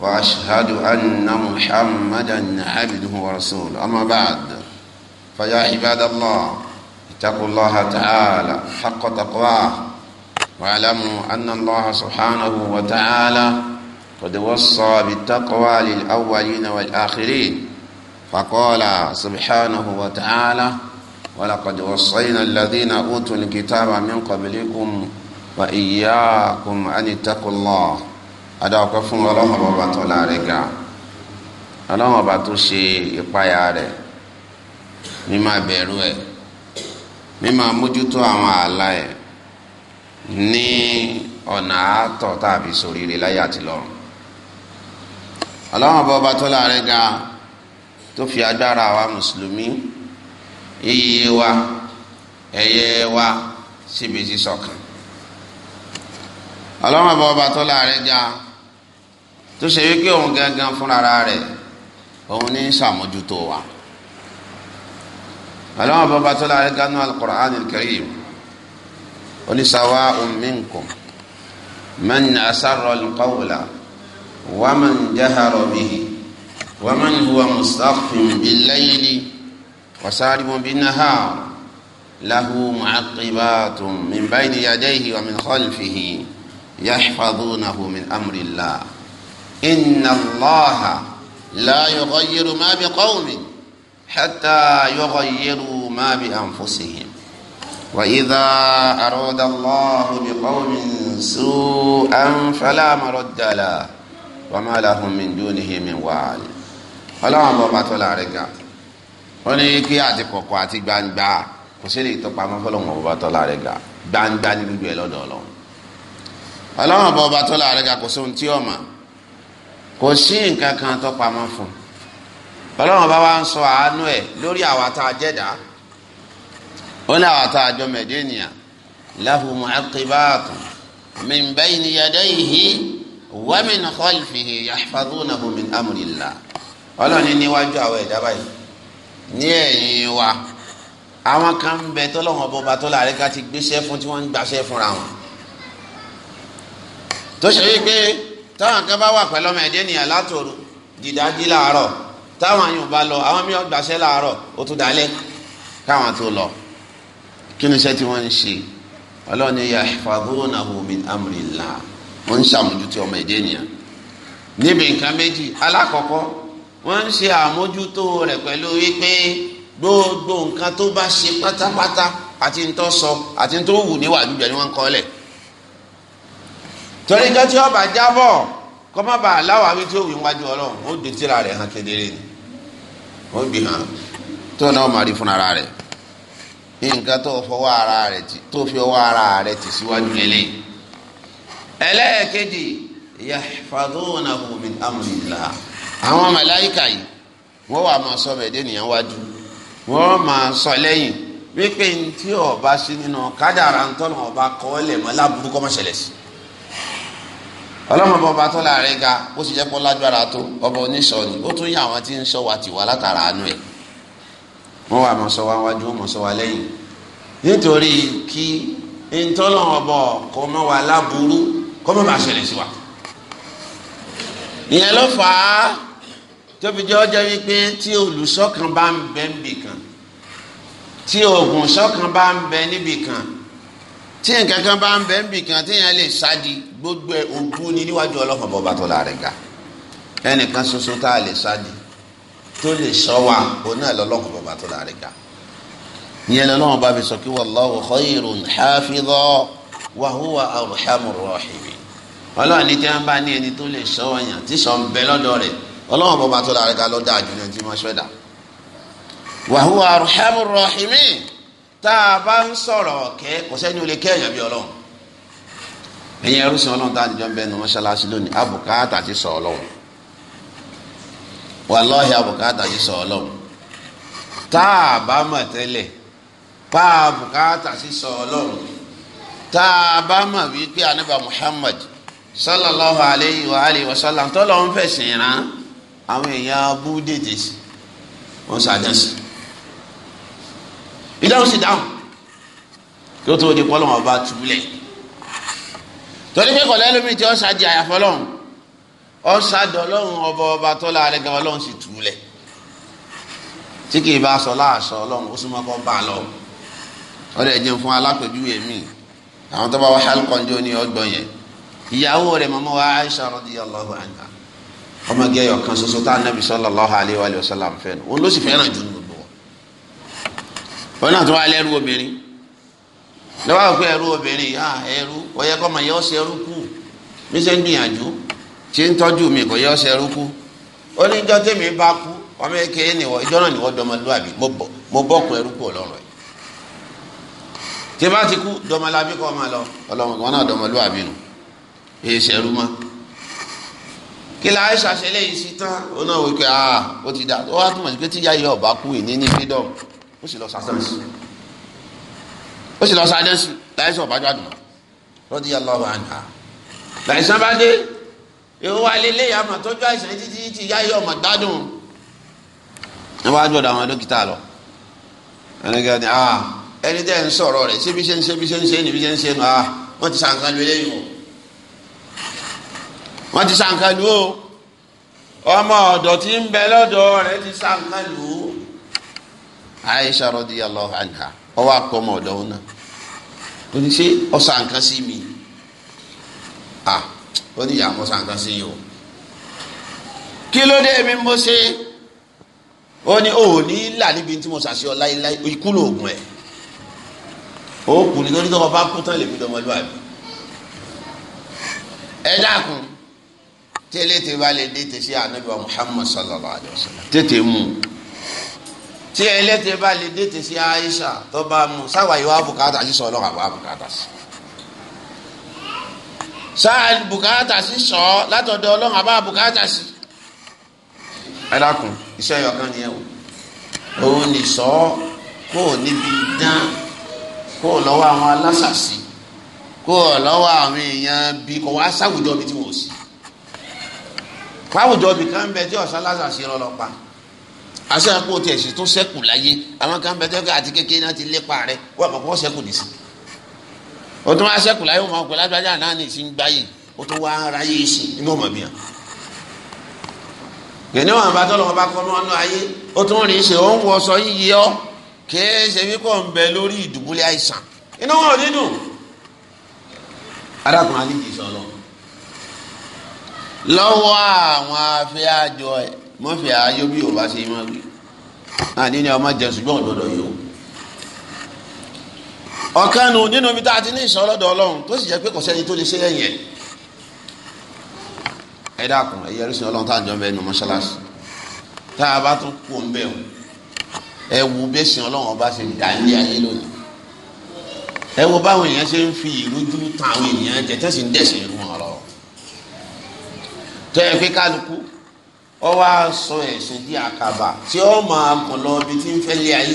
وأشهد أن محمدا عبده ورسوله أما بعد فيا عباد الله اتقوا الله تعالى حق تقواه واعلموا أن الله سبحانه وتعالى قد وصى بالتقوى للأولين والآخرين فقال سبحانه وتعالى ولقد وصينا الذين أوتوا الكتاب من قبلكم وإياكم أن اتقوا الله adáwọ̀pẹ́ fún ọlọ́run ọba tó láre ga ọba tó ṣe ìpayà rẹ̀ mímá bẹ̀rù ẹ̀ mójútó àwọn àlà ẹ̀ ní ọ̀nà àátọ̀ tàbí sóríire láyé àti ọba tó láre tó fi agbára wa mùsùlùmí wa wa síbi ọlọ́run ọba ọba tó láàrẹ ga tó ṣe wípé òun gangan fúnra rẹ̀ òun ní sàmójútó wa ọlọ́run ọba ọba tó láàrẹ ga nú al-Qur'anil Karim oníṣàwá minkum man asarra al-qawla wa man jahara huwa mustakhfin bil-layli wa saribun bin-nahar min bayni yadayhi wa min khalfihi. يحفظونه من أمر الله إن الله لا يغير ما بقوم حتى يغيروا ما بأنفسهم وإذا أراد الله بقوم allahu bi qawmin su'an fala maradda lahu wa ma lahum min dunihi min wal ọlọ́wọ́n bọ́ bá tọ́lá rẹ̀ ga ó ní kí àti kọ̀kọ̀ àti gbangba kò sí lè tọ́pa mọ́fọ́lọ́wọ́n bọ́ bá tọ́lá rẹ̀ ga gbangba ní gbogbo ẹ̀ ọlọ́run ọba ọba tó láàrin ga kò sóhun tí ọ̀mà kò sí nǹkan kan tó pamọ́ fún ọlọ́run ọba wa ń sọ àánú ẹ̀ lórí àwa tá a jẹ́dá ó ní àwa tá a jọ mẹ̀dẹ́nìyà lahu mu'aqibatun min bayni yadayhi wa min khalfihi yahfazunahu min amrillah ọlọ́run níwájú àwọn ẹ̀dá báyìí ní ẹ̀yìn wa àwọn kan bẹ tọ́lọ́run ọba ọba tó láàrin ká ti gbéṣẹ́ fún tí wọ́n ń gbàṣẹ́ fúnra wọn tó ṣe wípé táwọn kan bá wà pẹ̀lú ọmọ ẹ̀dẹ́ nìyà látòrò dìdájí làárọ̀ táwọn àyùn bá lọ àwọn mìíràn gbàṣẹ́ làárọ̀ ó tún dalẹ̀ káwọn tó lọ kí ni iṣẹ́ tí wọ́n ń ṣe ọlọ́ni yahfazunahu min amrillah wọ́n ń ṣàmójútó ọmọ ẹ̀dẹ́ nìyà níbi nǹkan méjì alákọ̀ọ́kọ́ wọ́n ń ṣe àmójútó rẹ̀ pẹ̀lú wípé gbogbo nǹkan tó bá ṣe pátápátá àti ń tọ́ sọ àti ń tó wù níwájú jẹ́ ni wọ́n ń torí ìjọ tí ọba jábọ̀ kọ́ má bàa láwọn àwí tí ó wí wájú ọlọ́run ó dé tíra rẹ̀ hàn kedere ni ó bì hàn tó náà máa rí fún ara rẹ̀ nǹkan tó fọwọ́ ara rẹ̀ tì tó fi ọwọ́ ara rẹ̀ tì síwájú lélẹ̀ ẹlẹ́ẹ̀kejì yahfazunahu min amrillah àwọn màláíkà yìí wọ́n wà máa sọ bẹ̀ẹ́dẹ́ nìyẹn wájú wọ́n máa sọ lẹ́yìn wípé ntí ọba sí nínú kádàrá ntọ́nà ọba kọ́ ọ́ lẹ̀ mọ́ láburú kọ́ mọ́ ṣẹlẹ̀ sí i ọlọ́mọba ọba tó láàrin ga bó sì jẹ́ pọ́ lágbára tó ọba oníṣọ́ ni ó tún yẹ àwọn tí ń ṣọ́ wa tìwá látara àánú ẹ̀ wọ́n wà mọ̀ sọ wa wájú mọ̀ sọ wa lẹ́yìn nítorí kí ntọ́lọ̀ ọbọ̀ kọ́ mọ́ wa láburú kọ́ mọ́ bá ṣẹlẹ̀ sí wa. ìyẹn ló fà á tóbi jẹ́ ọjọ́ wípé tí olùṣọ́ bá ń bẹ níbì kan tí oògùn ṣọ́ bá ń bẹ níbì kan tí nǹkan kan bá ń bẹ ń bì kan tí yẹn lè sádi gbogbo ẹ òkú ni níwájú ọlọ́fọ̀n bọ́ba tó la rẹ̀ ga ẹnìkan ṣoṣo tá a lè sádi tó lè sọ wa òun náà lọ́lọ́fọ̀n bọ́ba tó la rẹ̀ ga ìyẹn lọ́lọ́wọ́n bá fi sọ kí wallahu khayrun hafidha wa huwa arhamur rahimin ọlọ́run ní tí wọ́n bá ní ẹni tó lè sọ ọyàn tí sọ bẹ lọ́dọ̀ rẹ̀ ọlọ́run bọ́ba tá bá ń sọ̀rọ̀ ọ̀kẹ́ kò sẹ́ni ó lè kẹ́ èèyàn bí ọlọ́run ẹ̀yin ẹrú sin ọlọ́run tá a ń bẹ́ẹ̀ nu mọ́ṣáláṣí lónìí abùkátà ti sọ ọlọ́run wàláhì abùkátà ti sọ ọlọ́run bá mọ̀ tẹ́lẹ̀ pa abùkátà ti sọ ọlọ́run bá mọ̀ Muhammad sallallahu alayhi wa alayhi wa sallam tọ́lọ́ ń fẹ̀sìn rán àwọn èèyàn abúdé tẹ̀sí wọ́n ó sì dáhùn kí ó tó di pọ́ lọ́wọ́ bá túbúlẹ̀ torí pé kọ̀lẹ́ lómi tí ó ṣáàjì àyàfọ́ lọ́hùn ó ṣáàjì ọlọ́hùn ọba ọba tọ́lá rẹ̀ gan ọlọ́hùn sì túbúlẹ̀ tí kì í bá sọ láàṣọ ọlọ́hùn ó súnmọ́ kọ́ bá a lọ ó lè jẹun fún alápèjúwe mi àwọn tó bá wá hálùkọ́njọ́ ní ọgbọ́n yẹn ìyàwó rẹ̀ mọ́mọ́ wa Aisha radiyallahu anha ọmọge ẹyọ kan ṣoṣo tá a nàbì sallallahu alaihi wa sallam fẹ́ràn òun ló sì òun náà tún wá lẹ́rú obìnrin lọ́wọ́ àgbẹ̀ ẹrú obìnrin yá ẹrú ó yẹ kọ́ mọ̀ yẹ ọ́ ṣe mi ṣe ń gbìyànjú ṣe ń tọ́jú mi kò ó ní ìjọ tèmi bá kú ọmọ eke ìjọ náà nìwọ dọmọlúwàbí mo bọ́kùn ẹrú kù ọlọ́run ẹ̀ tí bá ti kú kọ́ máa lọ ọlọ́run náà dọmọlúwàbí nù èyí ṣe ẹrú mọ́ kí la ẹ ó sì lọ sàdánù ó sì lọ sàdánù láìsí ọ̀bájú àdùnmọ̀ lọ́dí yà lọ́wọ́ àná láìsàn bá dé yóò wá lélẹ́ yà mà tọ́jú àìsàn títí tí yá yọ mà gbádùn ẹ wá àwọn dókítà lọ ẹni gẹ́gẹ́ ni ah ẹni tẹ́ ń sọ̀rọ̀ rẹ̀ ṣé bí ṣe ń ṣe bí ṣe ń ṣe ni bí ṣe ń ṣe nù ah wọ́n ti sàǹkan lu eléyìí o wọ́n ti sàǹkan lu o ọmọ ọ̀dọ̀ tí ń bẹ lọ́dọ̀ rẹ̀ ti sàǹkan lu o. Aisha radiyallahu anha ọwọ́ akọmọ ọ̀dọ́ wọn náà ó ní ṣé ọ̀sán nǹkan sí mi à ah, ó ní ìyá mọ́sán nǹkan sí yìí o kí ló dé mi mo ṣe ó ní òní là níbi tí mo ṣàṣeyọ láéláé ikú lóògùn ẹ̀ ó kù nítorí tó kọ bá kú tán lèmi dọmọlúwàbí ẹ dákun tẹ́lẹ̀ tẹ́ bá lè dé tẹ̀sí ànábì wa Muhammad sallallahu alayhi wa sallam tètè mú tí ẹlẹ́tẹ̀ bá lè dètè sí Aisha tó bá mu sáwà yìí wá bùkátà sí sọ ọlọ́run àbá bùkátà sí. sáà bùkátà sí sọ látọ̀dọ̀ ọlọ́run àbá bùkátà sí. ẹ dákun iṣẹ́ yọkan ni ẹ wò òun ní sọ kó o níbi dán kó o lọ́wọ́ àwọn alásàsí kó o lọ́wọ́ àwọn èèyàn bíi kò wá sáwùjọ bíi tí wọ́n sì. fáwùjọ bíi kan bẹ tí ọ̀sán alásàsí rọlọ́pàá àṣẹ àpò tiẹ̀ sì tún sẹ́kù láyé àwọn kan bẹ tẹ́kọ̀ àti kékeré náà ti lépa rẹ wọ́n àkọ́kọ́ sẹ́kù nìsí. o tún wá sẹ́kù láyé wọn pẹ̀lú àgbájá náà ní ìsìn gbáyé o tún wá ara yé e sí inú ọmọ mi hàn. yẹ̀ni wọn bá tọ́lọ́ wọn bá kọ́ ọ́nú ayé o tún rìn ṣe òun wọ sọ yíyí ọ kìí ṣe wípé ọ̀ ń bẹ lórí ìdùbúlẹ̀ àìsàn inú wọn ò ní dùn. arákùnrin alíjì sọ lọ lọ́wọ́ àwọn afẹ́ àjọ ẹ̀ mọ́fì àájọ bí yorùbá ṣe máa wí àní ni ọmọ jẹ ṣùgbọ́n òdodo yìí o. ọ̀kanu nínú ibi tá a ti ní ìṣọ́ lọ́dọ̀ ọlọ́run tó sì jẹ́ pé kò sẹ́ni tó lè ṣe lẹ́yìn ẹ̀. ẹ dákun ẹ yẹrí sin ọlọ́run tá à ń jọ bẹ́ẹ̀ nu mọ́ṣáláṣí tá a bá tún kú ń bẹ̀ o ẹ wo bẹ́ẹ̀ sin ọlọ́run ọba ṣe dà ní ayé lónìí ẹ wo báwọn èèyàn ṣe ń fi ìrújú tan èèyàn jẹ tẹ́sí ń dẹ̀sìn irú ọ wá sọ ẹ̀sìn di àkàbà tí ó máa kàn lọ ibi tí ń fẹ́ lé ayé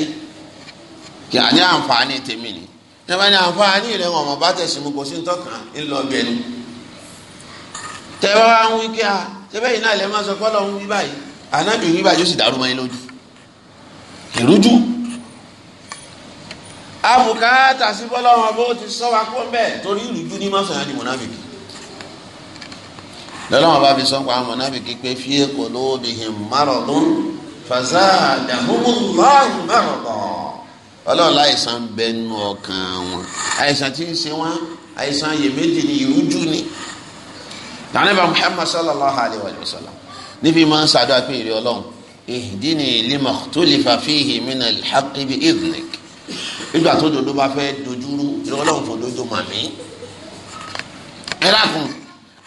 kì á ní àǹfààní tèmi ni nígbà ní àǹfààní rẹ wọn ọmọ bá tẹ̀sí mu kò sí ntọ́kàn ńlọ bẹ́ẹ̀ ni tẹ wá ń wí kí a tẹ́bẹ́ yìí náà lẹ́ máa sọ pé ọlọ́run wí báyìí ànábì wí báyìí ó sì dàrú mọ́ ẹ lójú ìrújú àbùkátà sí bọ́lọ́run ọbọ̀ ó ti sọ wa pọ́ torí ìrújú ní má sọ̀rọ̀ ní mọ̀nàbìkì lọ́lọ́wọ́n bá fi sọ́nkọ́ àwọn mọ̀nàbí pé fi qulubihim maradun fazadahumullahu maradan ọlọ́run láìsàn bẹnu ọkàn wọn àìsàn tí ń ṣe wọn àìsàn iyèméjì ni ìrújú ni tànàbà Muhammad sallallahu alayhi wa sallam níbi máa ń ṣàdúrà pé ìrẹ ọlọ́run ihdini lima ikhtalifa fihi min al-haqqi bi idhnik nígbà tó dodo bá fẹ́ dojúrú ìrẹ fò dodo màmí ẹ lákùn.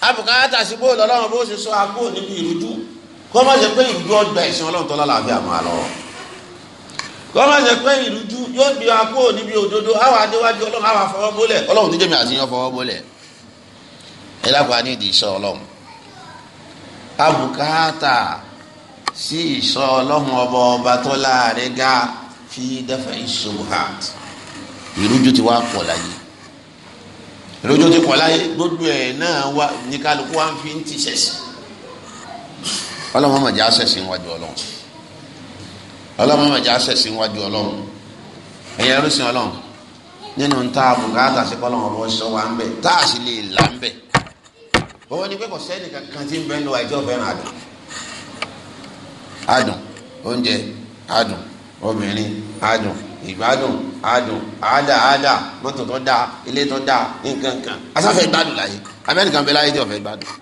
Abukata sí bó lọ́lọ́run bó ṣe sọ agbó níbi ìrújú kó má ṣe pé ìrújú ọgbà ẹ̀sìn ọlọ́run tó lọ́la àfihàn máa lọ. kó má ṣe pé ìrújú yóò gbé agbó níbi òdodo awa adéwájú ọlọ́run àwọn afọwọ́ bólẹ̀ ọlọ́run ní jẹ́mi àti yan fọwọ́ bólẹ̀ ẹ lápá ní ìdí ìṣọ́ ọlọ́run. abùkátà sí ìṣọ́ ọlọ́run ọba ọba tó láàrin ga fi dáfà ìṣòwò hàt ìrújú ti wá pọ̀ láyé lójó ti pọ̀ láyé gbogbo ẹ̀ náà wá ní kálukú wá ń fi ń ti sẹ̀sìn ọlọ́mọ mọ̀ já sẹ̀sìn wájú ọlọ́run ọlọ́mọ mọ̀ já sẹ̀sìn wájú ọlọ́run ẹ̀yẹ ẹrúsìn ọlọ́run nínú tá a bùkátà sí kọ́lọ́mọ bọ́ sọ wá ń bẹ̀ tá a sì lè là ń bẹ̀ owó ni pé kò sẹ́ni kankan tí ń bẹ́ẹ̀ lọ àìjọ́ fẹ́ràn àdùn àdùn oúnjẹ àdùn obìnrin àdùn ìgbádùn àádùn àádà àádà mọ́tò tó dáa ilé tó dáa nǹkan kan asáfẹ́ gbádùn láyé amẹ́ríkà ń bẹ láyé tí ọ̀fẹ́ gbádùn.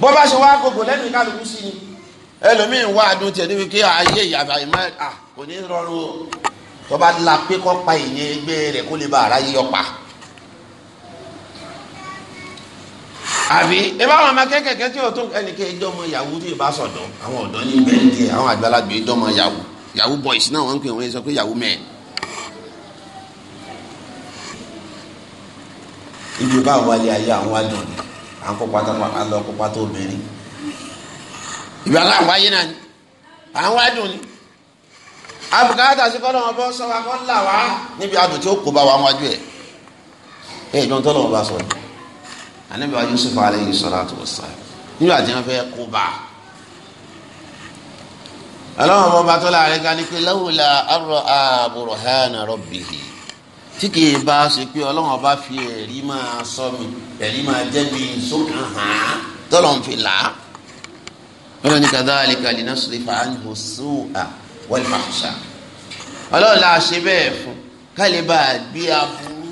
bó bá ṣe wá gbogbo lẹ́nu kálukú sí ni ẹlòmíín wá àdùn tiẹ̀ níbi kí ayé ìyàbá ìmọ̀ à kò ní rọrùn o tó bá la pé kọ́ pa ìyẹn ẹgbẹ́ rẹ̀ kó lè bá ara yíyọ pa. àbí ẹ bá wọn ọmọ kékèké tí o tó ẹnì kí ẹ dọ́mọ yahoo tí ì bá sọ̀dọ̀ àwọn ọ̀dọ́ ní bẹ́ẹ̀ ní àwọn àgbàlagbé dọ́mọ yahoo yahoo boys náà wọ́n ń pè wọ́n sọ pé yahoo men. ibi bá wálé ayé àwọn adùn ni à ń kó pátá à ń lọ kó pátá obìnrin. ìgbà kan àwọn ayé náà ni àwọn adùn ni abùkátà sí kọ́nà ọbọ̀ sọ́wọ́ akọ́ ńlá wa níbi adùn tí ó kó bá wa wájú ẹ̀ ẹ̀ ìjọ tó lọ́wọ́ bá sọ̀rọ̀ ànábì wa Yusuf alayhi salatu wassalam nígbà tí wọ́n fẹ́ kó bá a ọlọ́run ọba tó láàrin ká ní pé lawla arọ burhana rabbihi tí kì í bá ṣe pé ọlọ́run ọba fi ẹ̀rí máa sọ mi ẹ̀rí máa jẹ́ mi sókàn hàn án tọ́lọ̀ ń fi là á. ọlọ́run ní kadhalika linasrifa anhu su'a wal fahsha. ọlọ́run là á ṣe bẹ́ẹ̀ fún kálí bá a gbé aburú.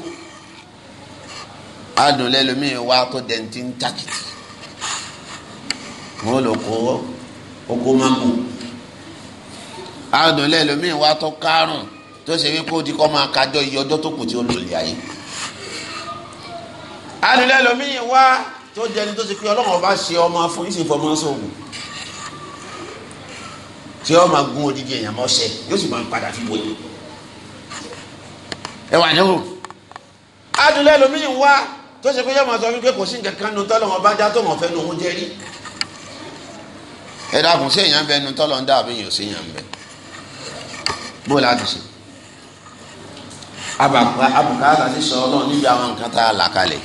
adùn lẹ́lòmíì wá tó dẹ̀ntì ń takìtì. wọ́n lò máa àdùnlé ẹlòmíín wá tó kárùn tó ṣe wípé ó di kọ́ máa kájọ iye ọjọ́ tó kù tí ó lò lé ayé àdùnlé ẹlòmíín wá tó jẹni tó ṣe pé ọlọ́run ọba ṣe ọmọ fún yìí sì fọmọ sóògùn tí ó máa gun odidi èèyàn mọ́ṣẹ́ yóò sì máa padà fi wòye ẹ wà níhò àdùnlé ẹlòmíín wá tó ṣe pé yóò máa sọ wípé kò sí nǹkan kan nu tọ́lọ́run ọba já tó wọ́n fẹ́ nu òun jẹ́rí ẹ dákun sí èèyàn bẹ́ẹ̀ nu tọ́lọ́run dàbí èèyàn sí èèyàn bẹ́ẹ̀ bó láti ṣe abùkátà ti sọ ọlọ́run níbi àwọn nǹkan tá a là kalẹ̀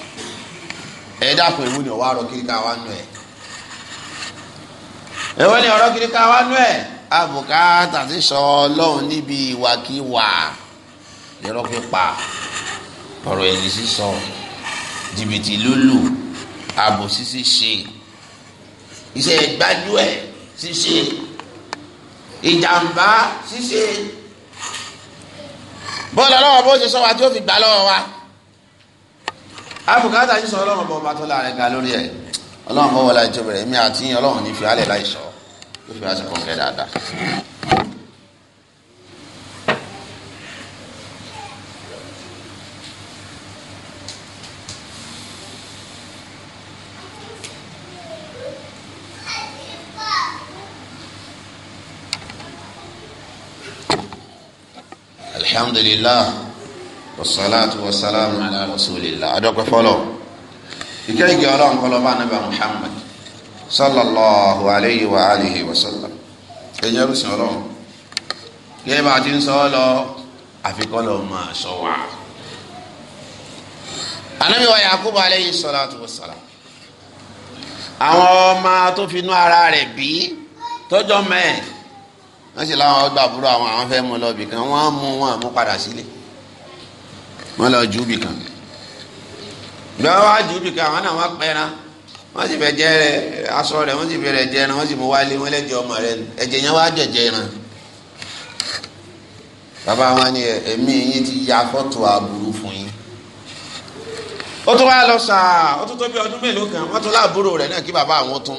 ẹ dákun ìwú ni ọwọ́ àrọ kiri ká wá nú ẹ ìwú ni ọ̀rọ̀ kiri ká wá nú ẹ abùkátà ti sọ ọlọ́run níbi ìwàkiwà lẹ́rọ́ pípa ọ̀rọ̀ ẹ̀yìn sísọ jìbìtì lólù àbòsí ṣíṣe iṣẹ́ gbájú ẹ̀ ṣíṣe ìjàmbá ṣíṣe bọ́ọ̀lù ọlọ́wọ́ bó ṣe sọ wa tí ó fi gbà lọ́wọ́ wa abùkátà yìí sọ ọlọ́run bọ́ ọba tó láàrin ga lórí ẹ̀ ọlọ́run bọ́ wọlé àìjọ bẹ̀rẹ̀ èmi àti ọlọ́run ní fi alẹ́ láì sọ ó fi wá sí kọ̀ǹkẹ́ dáadáa. alhamdulillah wasalaatu wasalaamu ala rasulillah adọ́pẹ́ fọlọ́ ìkẹ́ ìgẹ́ ọlọ́run kọlọ́ba anabi muhammad sallallahu alayhi wa alihi wa sallam ẹ̀yẹ́ rúṣin ọlọ́run yẹ́n bá ti ń sọ ọ́ lọ àfikọ́lọ́ máa sọ wá. anabi wa yakub alayhi salatu wasalam àwọn ọmọ tó finú ara rẹ̀ bí tọ́jọ́ mẹ́ẹ̀. wọ́n sì láwọn ọgbà àbúrò àwọn àwọn fẹ́ mú lọ wọ́n á mú wọn àmú padà sílé wọ́n lọ jù bìkan ìgbà wọn jù bìkan náà wọ́n pẹ́ wọ́n sì rẹ̀ wọ́n sì fẹ́ rẹ̀ jẹ́ wọ́n sì mú wálé ọmọ rẹ̀ yẹn wá bàbá wọn ni ti ya fún yín. ó tún lọ ó tún ọdún mélòó kan tún láàbúrò rẹ náà kí bàbá àwọn tún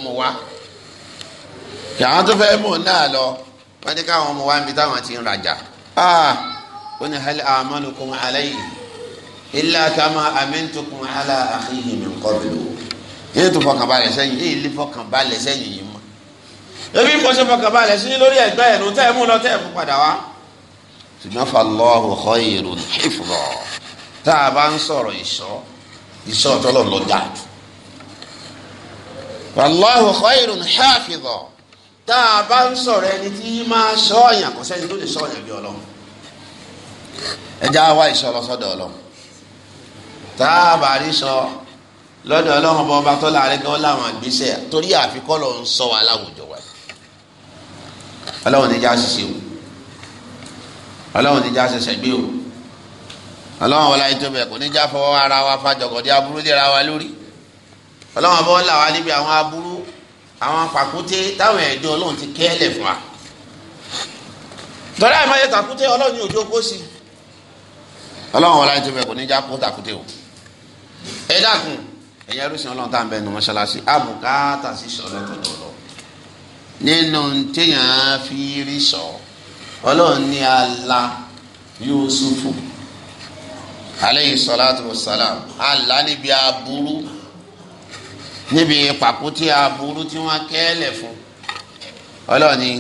wọ́n ní káwọn ọmọ wa ń bi táwọn ti ń rajà ah. ó ní hali amanukum alayhi illa kama amintukum ala akhihi min qablu yìí tó fọkànbalẹ̀ sẹ́yìn yìí lè fọkànbalẹ̀ sẹ́yìn yìí mọ́ ebi kò ṣe fọkànbalẹ̀ sí lórí ẹgbẹ́ ẹ̀ ló ẹ̀ mú lọ ẹ̀ fún padà wá. ṣùgbọ́n fallahu khayrun hifdha tá a bá ń sọ̀rọ̀ ìṣọ́ ìṣọ́ tọ́lọ̀ lọ́jà fallahu khayrun hafidha tá a bá ń sọ̀rọ̀ ẹni tí máa sọ ọ̀yàn kò sẹ́ni tó lè sọ ọ̀yàn bí ọlọ́run ẹja wá ìsọ lọ́sọ̀dọ̀ ọlọ́run tá a bá rí sọ lọ́dọ̀ ọlọ́run bọ́ ọba tó láàrin gan láwọn àgbésẹ̀ torí àfikọ́ lọ ń sọ wa láwùjọ wa ọlọ́run níjà ṣiṣẹ́ o ọlọ́run níjà ṣẹṣẹ gbé o ọlọ́run wọlé ayé tó bẹ̀ kò níjà fọwọ́ ara wa fàjọkọ̀dé aburú lé ra wa lórí ọlọ́run bọ́ ń là wá aburú àwọn pàkúté táwọn ẹ̀jọ́ ọlọ́run ti kẹ́ ẹ̀lẹ̀ fún wa tọ́lá ẹ̀ máa yẹ tàkúté ọlọ́run ní òjò kó sí ọlọ́run wọlé ẹni tó bẹ̀ kò ní já kó tàkúté o ẹ dákun ẹ̀yẹ ẹrúsìn ọlọ́run tá à ń bẹ nu mọ́ṣáláṣí àbùkátà sí sọ̀rọ̀ tọ̀dọ̀ lọ nínú téèyàn fi rí sọ ọlọ́run ní ala Yusufu aleyhi salatu wa salam ala níbi aburú níbi pàkútí aburú tí wọ́n kẹ́lẹ̀ fún ọlọ́ọ̀ni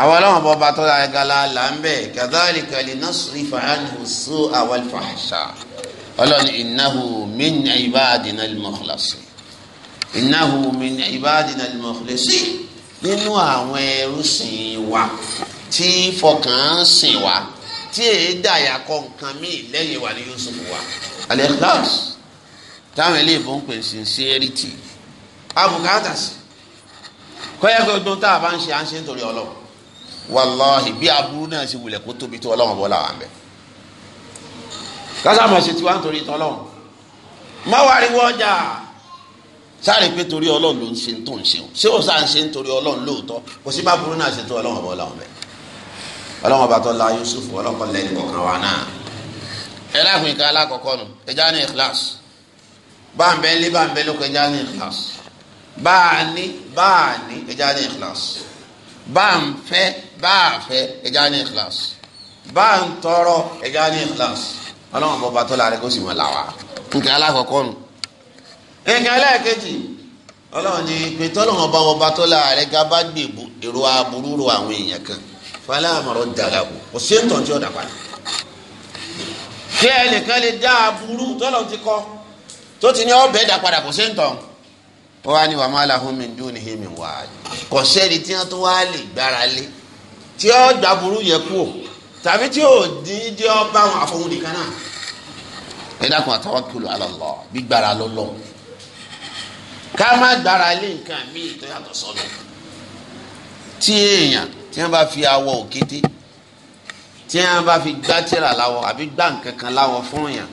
àwọn ọlọ́wọ́n bọ́ bá tọ́lá ẹ̀gálá là ń bẹ̀ kadhalika linasrifa anhu su'a wal fahsha ọlọ́ọ̀ni innahu min ibadina al-mukhlasin innahu min ibadina al-mukhlasin nínú àwọn ẹrú sìn wa tí fọkàn sìn wa tí èé dàyà kọ nǹkan míì lẹ́yìn wa ni Yusuf wa al-ikhlas táwọn eléyìnbó ń pè sincerity abùkátà sí kọ́yẹ́ gbọ́dọ̀ tá a bá ń ṣe à ń ṣe nítorí ọlọ́run wàláhì bí aburú náà ṣe wulẹ̀ kó tóbi tó ọlọ́run bọ́ làwọn bẹ̀ kásámọ̀ ṣe tiwa nítorí tọ́lọ́run má wá rí wọ́jà sáré pé torí ọlọ́run ló ń ṣe tó ń ṣe o ṣé o sá ń ṣe nítorí ọlọ́run lóòótọ́ kò sí bá burú náà ṣe tó ọlọ́run bọ́ làwọn bẹ̀ ọlọ́run ọba tó la Yusuf ọlọ́run kọ́ lẹ́yìn kọ̀ọ̀kan wa náà ẹ láàfin ká alákọ̀ọ́kọ́ nù báńbẹ́ lé báńbẹ́ lóko ẹja ní ìkìlás báàní báàní ẹja ní ìkìlás báńfẹ́ báàfẹ́ ẹja ní ìkìlás báńtọrọ ẹja ní ìkìlás ọlọ́run bọ́ bàtọ́ láàrin kó sì mọ̀ làwà. nǹkan alákọ̀ọ́kọ́ nù. nǹkan alákejì ọlọ́run ni pété ọlọ́run ọba wọn bàtọ́ láàrin gaba gbèbó èrò aburú ro àwọn èèyàn kan fọlá àmọ̀rọ̀ dàgbà bò kò sí ètò ọjọ́ dàgbà. kí ẹnìkan lè dá aburú tọ́lọ́ ti kọ́ tó ti ní ọbẹ̀ dà padà kò séńtọ̀ ó wá ní wa ma lahum min dunihi min wali kò sẹ́ni tí wọ́n tó wá lè gbára lé tí ó gbà burú yẹ kú tàbí tí ó dín jẹ́ ọ bá wọn àfọwọ́n nìkan náà ẹ dákun àtawakkalu ala Allah gbígbára lọ́lọ́ ká má gbára lé nǹkan míì tó yàtọ̀ sọ́nù tí èèyàn tí wọn bá fi awọ òkété tí wọn bá fi gbá tíra láwọ àbí gbá nǹkan kan láwọ fún èèyàn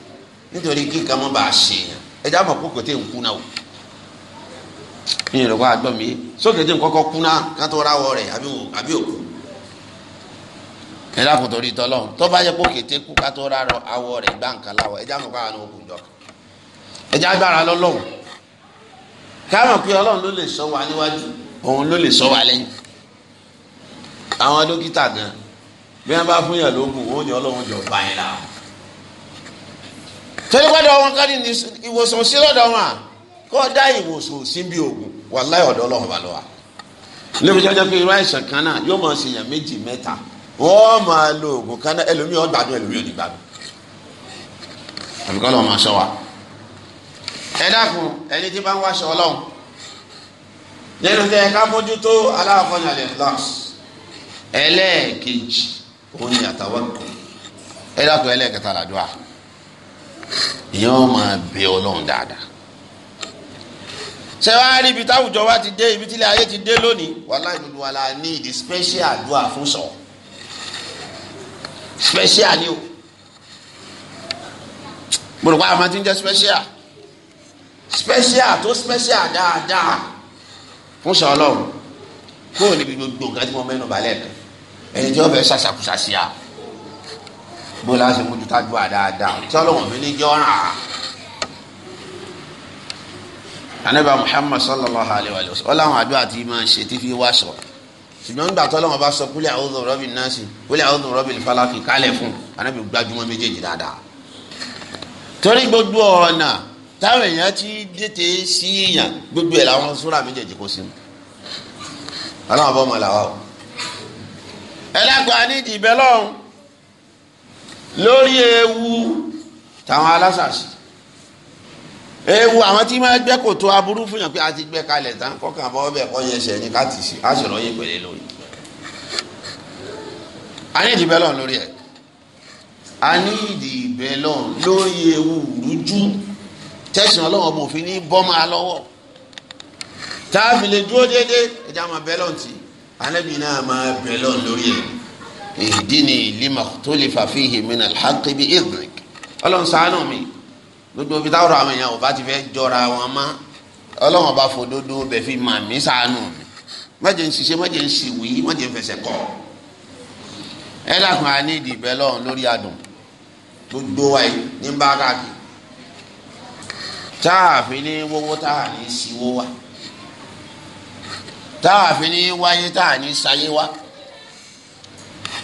nítorí kí mọ́ bá a ṣe ẹja mọ̀ kó kété nkú náà o ìyẹn lọ́kọ́ àgbọ̀ mi sọ kété nkọ́kọ́ kú náà kátó ráwọ̀ rẹ̀ àbí òkú ẹ̀dá kò torí tọ́lọ́ tó bá yẹ kó kété kú kátó rárọ̀ awọ rẹ̀ gbá nǹkan láwọ̀ ẹja mọ̀ kó àwọn òkú jọ ẹja gbára lọ́lọ́run káàmọ̀ pé ọlọ́run ló lè sọ wa níwájú òun ló lè sọ wa lẹ́yìn àwọn dókítà gan bí wọ́n bá fún yàn lóògùn òun yàn ọlọ́run jọ bá láwọn torí gbọ́dọ̀ wọn ká ní ìwòsàn sí lọ́dọ̀ wọn à kó dá ìwòsàn sí bí oògùn wàláhì ọ̀dọ̀ Ọlọ́run bá lọ wa. lébi jọjọ pé irú àìsàn kan náà yóò máa ṣe èèyàn méjì mẹ́ta wọ́n máa lo oògùn kan náà ẹlòmíì ó gbádùn ẹlòmíì ò ní gbádùn. àfikún Ọlọ́run máa ṣọ́ wa. ẹ dákun ẹni tí bá ń wáṣọ Ọlọ́run nínú tẹ ká mójútó aláàfọ̀nyà lè lọ́s ẹlẹ́ẹ̀kejì òun ni àtàwọn ẹ dákun ẹlẹ́ẹ̀kẹta làdúrà ìyẹn wọn máa bẹ ọlọ́run dáadáa ṣé wàá rí ibi táwùjọ wa ti dé ibi tílé ayé ti dé lónìí wàláhì ìlú wa la ní ìdí special àdúrà fún sọ special ni o gbọdọ̀ pa àmọ́ tí ń jẹ́ special special tó special dáadáa fún sọ ọlọ́run kó o níbi gbogbo nǹkan tí mo mẹ́nu balẹ̀ kan ẹni tí wọ́n fẹ́ ṣàṣàkùṣà sí bó láti mójú tájú àdáadáa tí ọlọ́wọ́n mi ní jọ́ràn á. ànábì muhammad sallallahu alayhi wa sallam ọlọ́wọ́n àdúrà tí máa ń ṣe tí fi wá sọ ṣùgbọ́n nígbà tó ọlọ́wọ́n bá sọ kúlẹ̀ a'udhu rabbin nas kúlẹ̀ a'udhu rabbil falaq kálẹ̀ fún ànábì gbajúmọ̀ méjèèjì dáadáa. torí gbogbo ọ̀nà táwọn èèyàn ti dètè sí èèyàn gbogbo ẹ̀ làwọn súrà méjèèjì kó sí mu ọlọ́wọ́n bọ́ mọ̀ làwọn o ẹlẹ́kọ̀ọ́ àníjì bẹ́ẹ̀ lọ́hùn lórí ewu tàwọn alásàsì ewu àwọn tí máa gbẹ́ kòtò aburú fún yàn pé a ti gbẹ́ kalẹ̀ tán kọ́kàn bọ́ bẹ́ẹ̀ kọ́ yẹn ṣẹ̀ ní káàtì sí a sì rọ́yìn pẹ̀lẹ́ lórí. a ní ìdìbẹ́ lọ́n lórí ẹ̀ a ní ìdìbẹ́ lọ́n lórí ewu rújú tẹ̀sán ọlọ́wọ́ mo fi ní bọ́mà lọ́wọ́ tá dúró déédéé ẹ̀jẹ̀ àwọn abẹ́ ti anábì náà máa bẹ́ lórí ẹ̀ ìdíni lima ikhtalifa fihi minal haqqi bi idhnik ọlọ́run ṣàánú mi gbogbo ibi táwọn àwọn èèyàn ọba ti fẹ́ jọra wọn mọ́ ọlọ́run ọba fòdodo bẹ̀ fi mà mí ṣàánú mi má jẹ́ n ṣiṣẹ́ má jẹ́ n ṣìwí má jẹ́ n fẹsẹ̀ kọ́ ẹ lákùn á ní ìdìbẹ́ lọ́run lórí adùn gbogbo wa yìí ní bá káàkiri táàfin ní wọ́wọ́ táà ní wa táàfin ní wáyé táà ní wa. Ta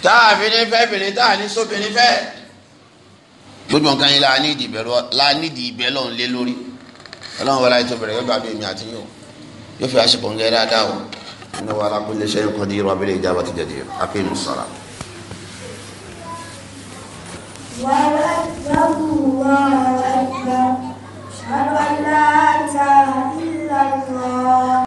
tá a fi ní fẹ́ bìnrin tá a ní sóbìnrin fẹ́ gbogbo nǹkan yìí la nídìí ìbẹ̀rù la nídìí ìbẹ̀rù ọ̀hún lé lórí ọlọ́run wọlé ayé tó bẹ̀rẹ̀ yóò bá bí èmi àti yóò yóò fi aṣọ pọ̀ngẹ́ dáadáa o inú wa alákùn lè ṣe é kọ́ di irun abẹ́lé ìjà àbàtì jẹ̀dí akéwì sọ̀rọ̀. wàhálà ìjọba wà á ẹgbẹ́